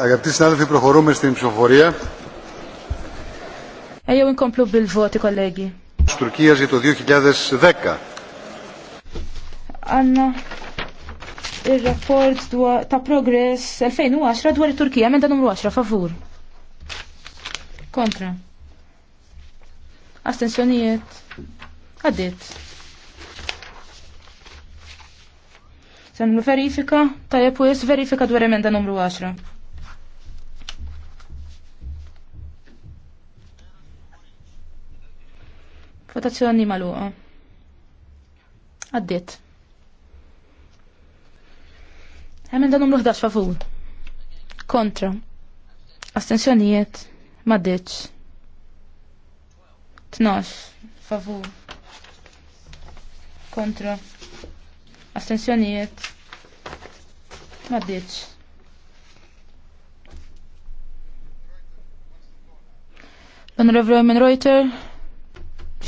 Αγαπητοί συνάδελφοι, προχωρούμε στην ψηφοφορία. Ejjew inkomplu bil-voti, kollegi. Turkija ġi 2010. Għanna il-rapport ta' progress 2010 dwar il-Turkija, minn numru 10, favur. Kontra. Astensjonijiet. Għaddit. Semlu verifika, tajab u jess verifika dwar emenda numru 10. Votazzjoni maluqa. Għaddit. Emenda numru 11 favur. Kontra. Astensjonijiet. Maddiċ. 12 favur. Kontra. Astensjonijiet. Maddiċ. L-Onorevoli Reuter,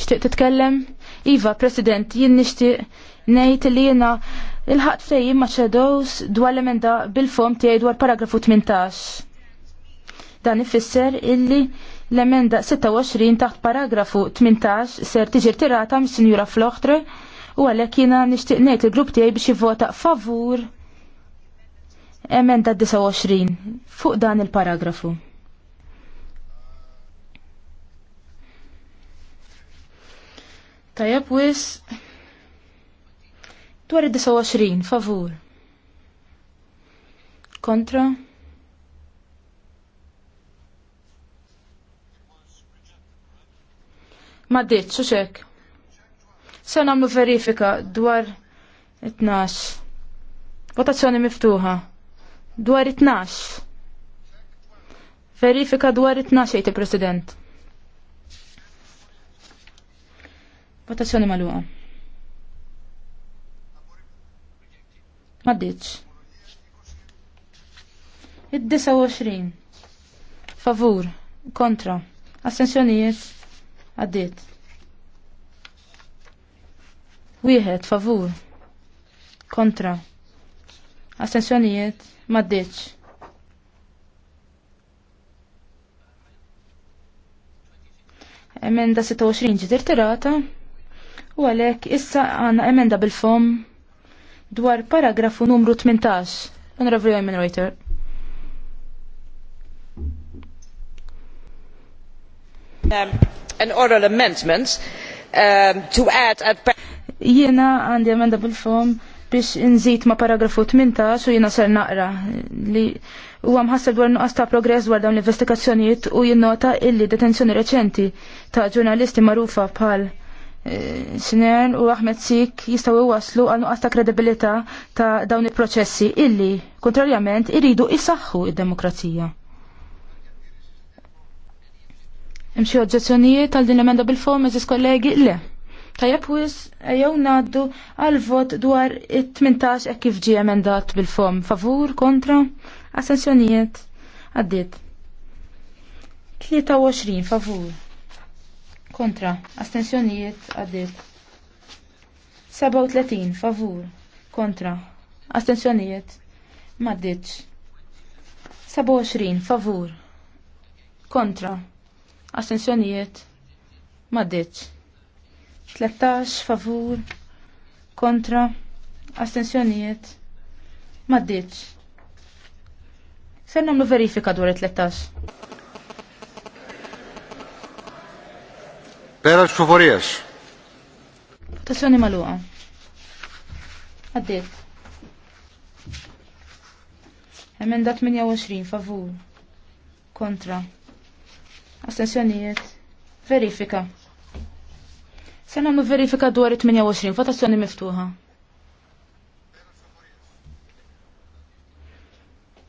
xtiq titkellem? Iva, President, jien nixtieq ngħid li jiena il ħat fej ma' ċedows dwar l-emenda bil-fom tiegħi dwar paragrafu 18. Dan ifisser illi l-emenda 26 taħt paragrafu 18 ser tiġi tirata mis-Sinjura Floħtre u għalhekk jiena nixtieq ngħid il-grupp tiegħi biex jivvota favur emenda 29 fuq dan il-paragrafu. Tajab wis dwar id-29 favur. Kontra. Ma ditt, u xek. Se nagħmlu verifika dwar it-tnax. Votazzjoni miftuħa. Dwar it-tnax. Verifika dwar it-tnax jgħid il-President. Votazzjoni magħluqa. Maddiċ. Id-29. Favur. Kontra. Assenzjonijiet. Għaddit. Wieħed favur. Kontra. Astensjonijiet maddiċ. Emenda 26 ġiet irtirata u għalek, issa għandna emenda bil-fom dwar paragrafu numru 18. Onorevoli Emin Reuter. Um, an oral amendment um, to add a paragraph Jiena għandi emenda bil-fom biex inżid ma' paragrafu 18 u jiena ser naqra li huwa mħasseb dwar nuqqas ta' progress dwar dawn l-investigazzjonijiet u jinnota illi detenzjoni reċenti ta' ġurnalisti magħrufa bħal eh, Siner u Ahmed Sik jistaw waslu għal nuqqas ta' kredibilità ta' dawn il-proċessi illi, kontrarjament, iridu isaħħu id-demokrazija. Imxie oġġezzjonijiet għal din emenda bil-fom, eżis kollegi, le. Tajab wis jew naddu għal vot dwar it-18 hekk kif ġie emendat bil-fom. Favur, kontra, assenzjonijiet, għaddit. 23 favur. Kontra, astensjonijiet għaddit. 37 favur. Kontra, astensjonijiet maddit. 27 favur. Kontra, astensjonijiet maddit. 13 favur kontra astensjonijiet maddiċ. Ser namlu verifika dwar 13. Pera xfavorijas. Votazzjoni maluqa. Għaddit. Emenda 28 favur kontra astensjonijiet verifika. Sena nagħmlu verifika dwar 28 votazzjoni miftuħa.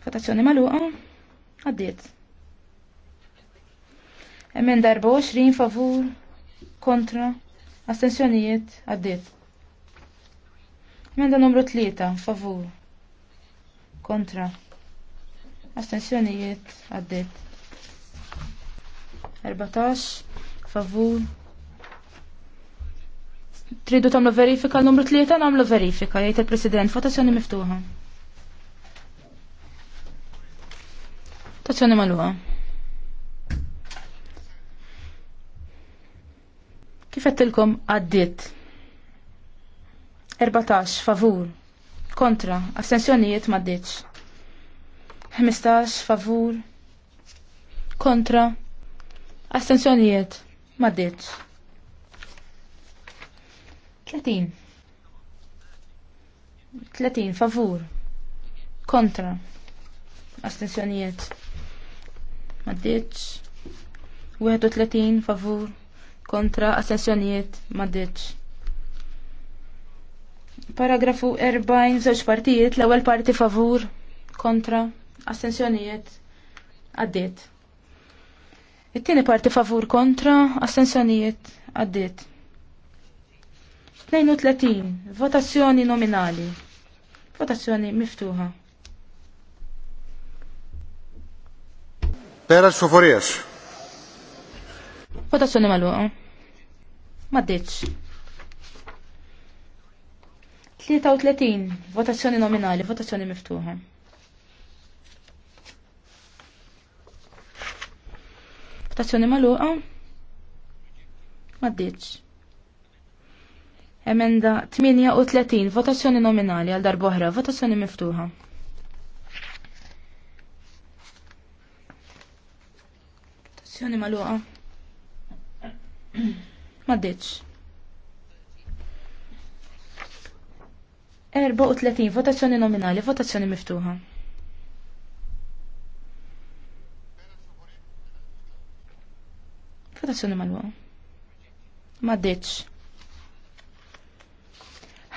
Votazzjoni magħluqa? Għaddiet. Emenda 24 favur kontra astensjonijiet għaddiet. Emenda numru 3 favur kontra astensjonijiet għaddiet. 14 favur Tridu tamlu verifika l-numru tlieta namlu verifika, jgħid il-President, votazzjoni miftuħa. Votazzjoni magħluha. Kif għettilkom għaddiet? 14 favur, kontra, astensjonijiet m'għaddietx. 15 favur, kontra, astensjonijiet m'għaddietx. 30. 30 favur. Kontra. Astensjonijiet. Maddiċ. 31 favur. Kontra. Astensjonijiet. maddeċ Paragrafu 40, żewġ partijiet, l-ewwel parti favur, kontra, astensjonijiet, għaddiet. It-tieni parti favur kontra, astensjonijiet, għaddiet. 32. Votazzjoni nominali. Votazzjoni miftuħa. Peras Foforias. Votazzjoni maluqa. Maddiċ. 33. Votazzjoni nominali. Votazzjoni miftuħa. Votazzjoni maluqa. Maddiċ. Emenda 38, votazzjoni nominali għal oħra, votazzjoni miftuħa. Votazzjoni maluqa. ditx. 34, votazzjoni nominali, votazzjoni miftuħa. Votazzjoni maluqa. ditx.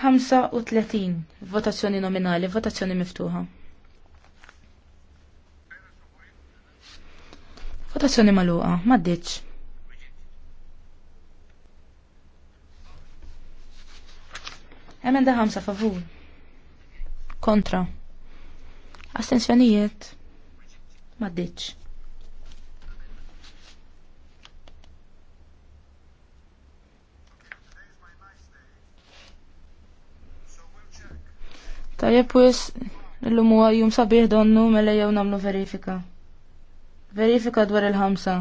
35 votazzjoni nominali, votazzjoni miftuħa. Votazzjoni maluqa, maddiċ. Emenda ħamsa favur. Kontra. Astensjonijiet. Maddiċ. Tajjeb wis illum huwa jum sabiħ donnu mela jew nagħmlu verifika. Verifika dwar il-ħamsa.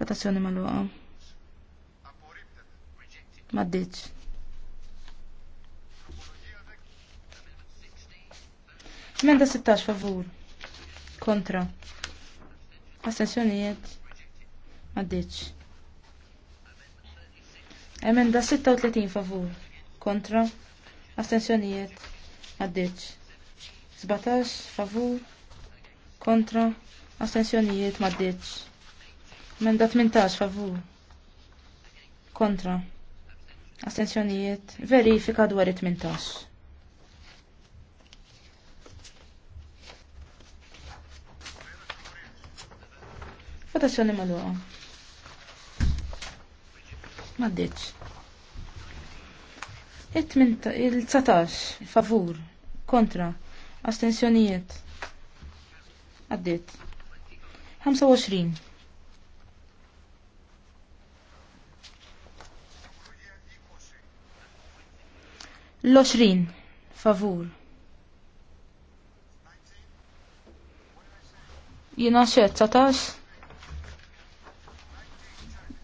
Votazzjoni mal-waqa. Maddiċ. Menda 16 favur. Kontra. Astensjonijiet. Maddiċ. Emenda 36 favur. Kontra. Astensjonijiet. Maddiċ. 17 favur. Kontra. Astensjonijiet. Maddiċ. Emenda 18 favur. Kontra. Astensjonijiet. Verifika dwar 18. Votazione mal Maddiċ. Il-19, favur, kontra, astensjonijiet. Għaddit. 25. L-20, favur. Jina xe, 19?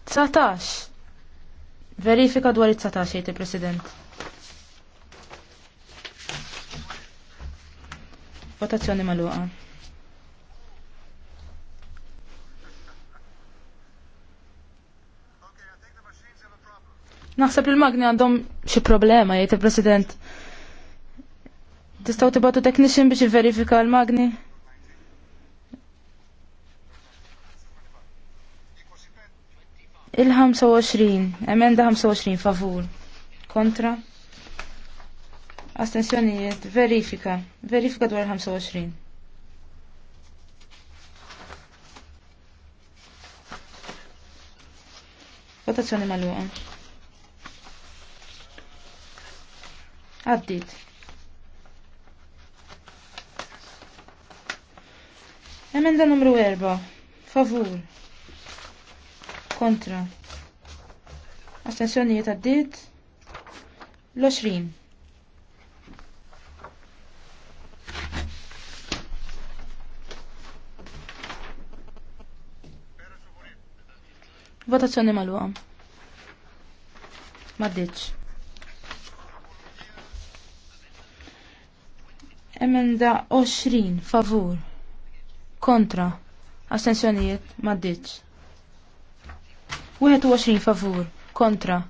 19. Verifika dwar it-19 president Votazzjoni magħluqa. Naħseb li l-magni għandhom xi problema jgħid il-President. Tistgħu tibgħatu technician biex jiverifika l-magni? Il-25, emenda 25, favur. Kontra. Astensjonijiet, verifika. Verifika dwar 25. Votazzjoni maluqa. Għaddit. Emenda numru 4. Favur kontra d għaddit l-20 Votazzjoni mal-għu. Maddiċ. Emenda 20 favur. Kontra. Astensjonijiet. Maddiċ. 21 favur kontra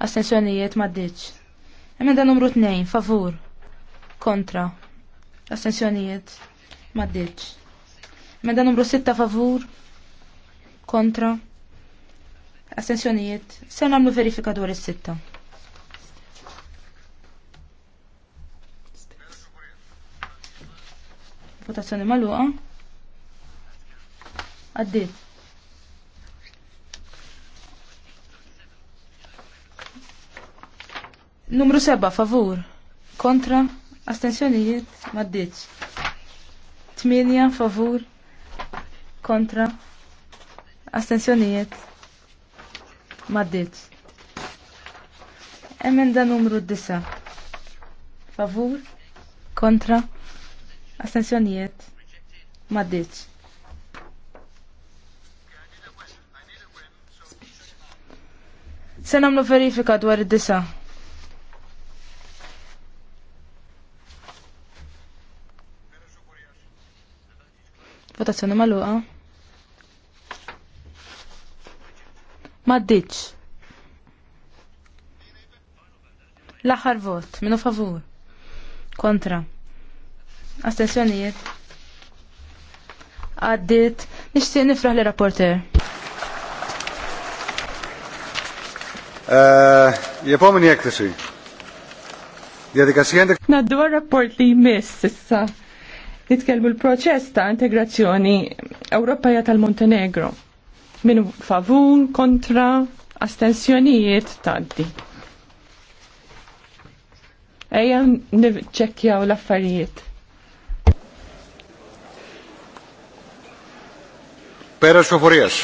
astensjonijiet maddiċ. Emenda numru 2 favur kontra astensjonijiet maddiċ. Emenda numru 6 favur kontra astensjonijiet. Se nagħmlu verifika dwar is-sitta. Votazzjoni magħluqa. Għaddiet. Numru 7 favur. Kontra. Astensjonijiet maddiċ. 8 favur. Kontra. Astensjonijiet maddiċ. Emenda numru 9. Favur. Kontra. Astensjonijiet maddiċ. Se namlu verifika dwar id-disa. Votazzjoni maluqa. Maddiċ. L-aħħar vot, minu favur. Kontra. Astensjonijiet. Għaddit, nixtieq nifraħ li rapporter. Eh, jepomini jek tisi. Naddu rapport li jmiss issa nitkellmu l-proċess ta' integrazzjoni Ewropeja tal-Montenegro. Minu favur, kontra, astensjonijiet taddi. Ejja nċekkjaw l-affarijiet. Pera xofuriex.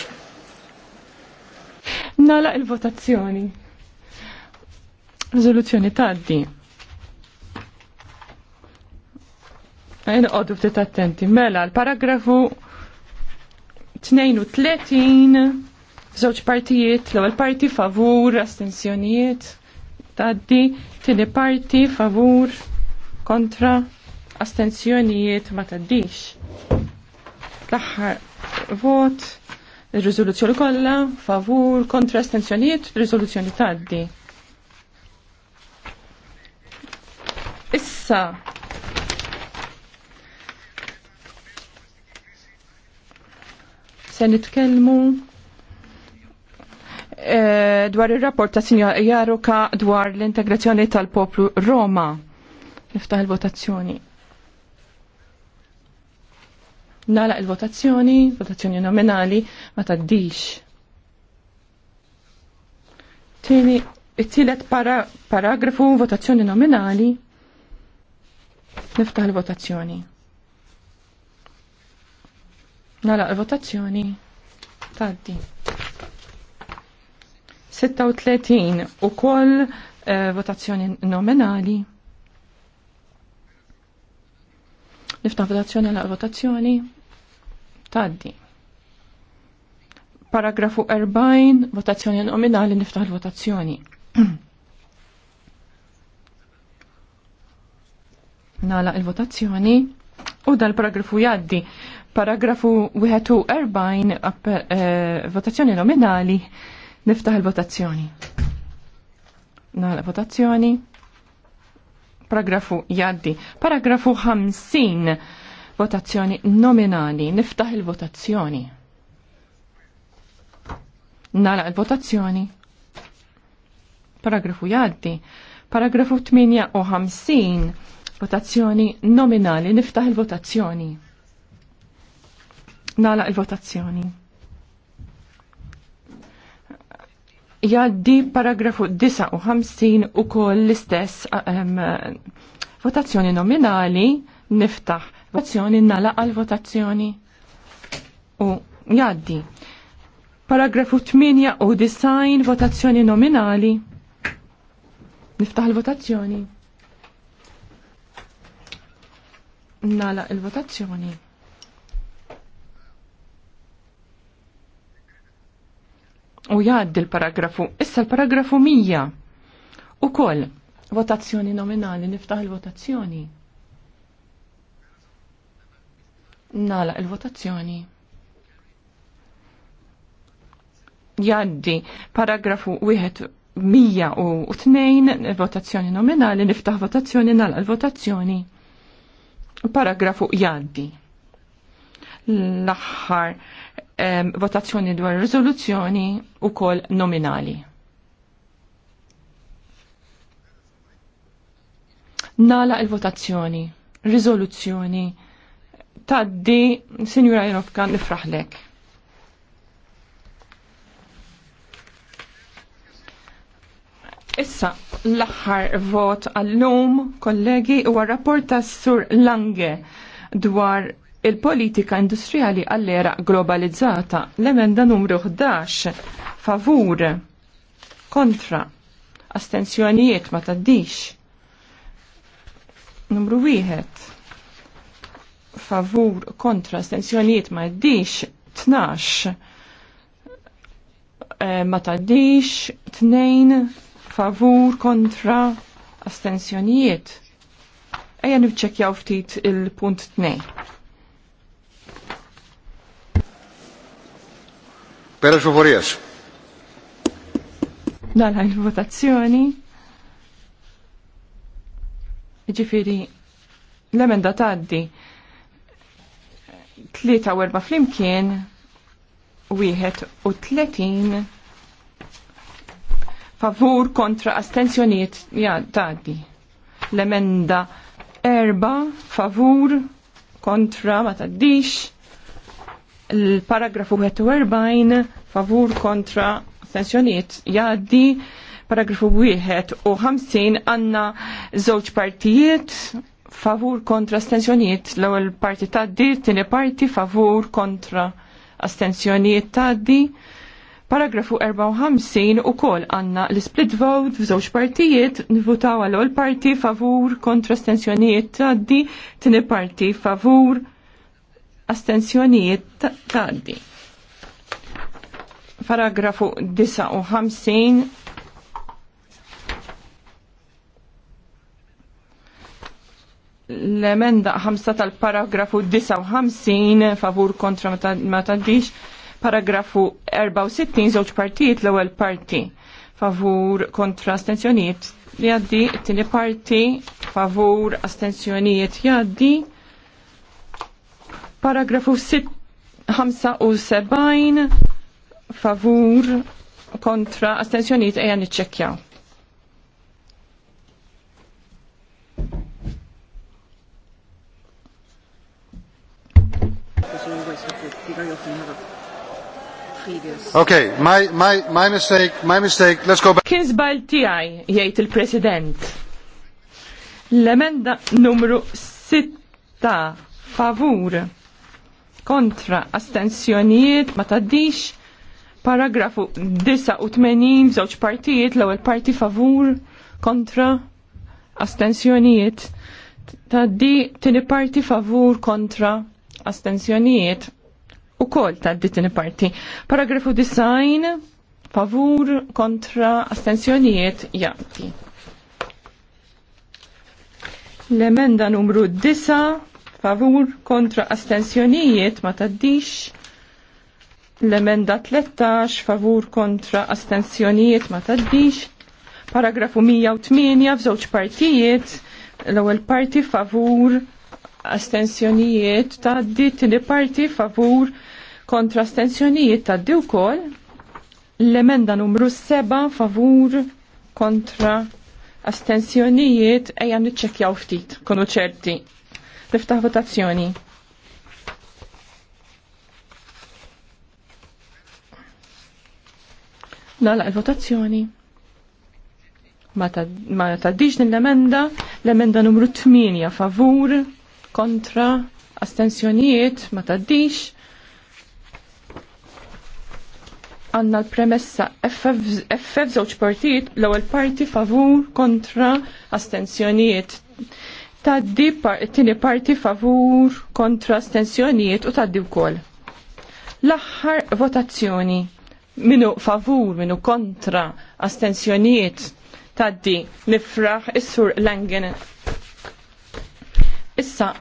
Nala il-votazzjoni. Rezoluzzjoni taddi. Nqoddu ftit attenti. Mela, l-paragrafu 32 żewġ partijiet, l-ewwel parti favur, astensjonijiet, tgħaddi, tieni parti favur, kontra, astensjonijiet ma tgħaddix. L-aħħar vot, ir-riżoluzzjoni kollha, favur, kontra, astensjonijiet, riżoluzzjoni tgħaddi. Issa, se nitkellmu eh, dwar il-rapport ta' Sinjor Jaruka dwar l-integrazzjoni tal-poplu Roma. Niftaħ il-votazzjoni. Nala il-votazzjoni, votazzjoni nominali, ma taddix. Tieni, it-tielet paragrafu, votazzjoni nominali. Niftaħ il-votazzjoni. Nala votazzjoni taddi. 36 u koll eh, votazzjoni nominali. Nifta votazzjoni la votazzjoni taddi. Paragrafu 40, votazzjoni nominali, niftaħ il-votazzjoni. Nala il-votazzjoni u dal-paragrafu jaddi. Paragrafu 41 eh, votazzjoni nominali niftaħ il-votazzjoni. Nala votazzjoni. Paragrafu jaddi. Paragrafu 50 votazzjoni nominali niftaħ il-votazzjoni. Nala il-votazzjoni. Paragrafu jaddi. Paragrafu 58 votazzjoni nominali niftaħ il-votazzjoni. Nala il-votazzjoni. Jaddi paragrafu 59 u koll l-istess um, votazzjoni nominali niftaħ. Votazzjoni nala għal-votazzjoni. U jaddi. Paragrafu 8 u design votazzjoni nominali. Niftaħ il-votazzjoni. Nala il-votazzjoni. u jgħaddi l-paragrafu. Issa l-paragrafu 100. U koll, votazzjoni nominali, niftaħ il-votazzjoni. Nala il-votazzjoni. Jgħaddi paragrafu 102 votazzjoni nominali, niftaħ votazzjoni, nala il-votazzjoni. Paragrafu jgħaddi. L-axħar votazzjoni dwar riżoluzzjoni kol nominali. Nala il-votazzjoni, riżoluzzjoni taddi, Sinjura Jenofka nifraħlek. Issa, l axar vot għall-lum, kollegi, u rapport ta' Sur Lange dwar il-politika industrijali għall-era globalizzata l-emenda numru 11 favur kontra astensjonijiet ma taddix numru 1 favur kontra astensjonijiet ma taddix 12 eh, ma taddix 2 favur kontra astensjonijiet Ejja nifċekjaw ftit il-punt 2. Pera xuforijas. Dalla il-votazzjoni. Ġifiri, l-emenda taddi. Tlieta u erba flimkien, wieħed u tletin favur kontra astenzjoniet ja, taddi. L-emenda erba favur kontra ma taddix l-paragrafu 41 favur kontra astensjoniet jaddi paragrafu 1 u 50 għanna żewġ partijiet favur kontra astensjoniet l-ewwel parti taddi, tieni parti favur kontra astensjoniet taddi. Paragrafu 54 u kol għanna l-split vote f'żewġ partijiet nivutaw għal ol parti favur kontra stensjonijiet taddi, tini parti favur astensjonijiet taddi. Paragrafu 59 l-emenda 5 tal-paragrafu 59 favur kontra ma taddix paragrafu 64 żewġ partijiet l-ewwel parti favur kontra astensjonijiet jaddi, it-tieni parti favur astensjonijiet jaddi Paragrafu 75 favur kontra astensjoniet għan niċċekjaw. Okay, my, my, my mistake, my mistake, let's go back. Kien zbal tiegħi jgħid il-President. L-emenda numru 6 favur kontra astensjonijiet ma taddix paragrafu 89 żewġ partijiet l-ewwel parti favur kontra astensjonijiet taddi tini parti favur kontra astensjonijiet u kol taddi tieni parti paragrafu design favur kontra astensjonijiet jaqti l-emenda numru 9 favur kontra astensjonijiet ma taddix l-emenda 13 favur kontra astensjonijiet ma taddix paragrafu 108 f'żewġ partijiet l-ewwel parti favur astensjonijiet taddi tieni parti favur kontra astensjonijiet taddi wkoll l-emenda numru 7 favur kontra astensjonijiet ejja niċċekjaw ftit konu ċerti Niftaħ votazzjoni. Nala il-votazzjoni. Ma taddix din l-emenda, l-emenda numru 8 favur, kontra, astensjonijiet, ma taddix. Għanna l-premessa FF żewġ partijiet, l-ewwel parti favur, kontra, astensjonijiet Taddi tini parti favur kontra stensjonijiet u taddi wkoll. L-aħħar votazzjoni minu favur, minu kontra astensjonijiet taddi nifraħ is-sur Langen. Issa